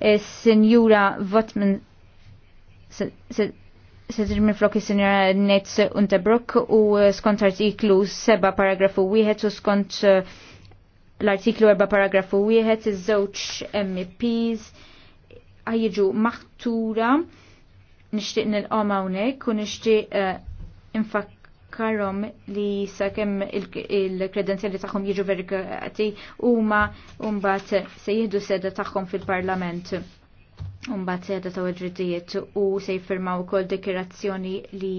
Senjura Votman Sedir minn flokki sinjora Nets Unterbrook u skont artiklu 7 paragrafu 1 u skont eh, l-artiklu 4 paragrafu 1 iż-żewġ MPs ħajġu maħtura nixtieq nilqom hawnhekk u nixtieq eh, infakk nfakkarhom li sakemm il-kredenzjali tagħhom jiġu verikati huma mbagħad se jieħdu seda tagħhom fil-Parlament. Mbagħad seda ta' drittijiet u se jiffirmaw ukoll dekirazzjoni li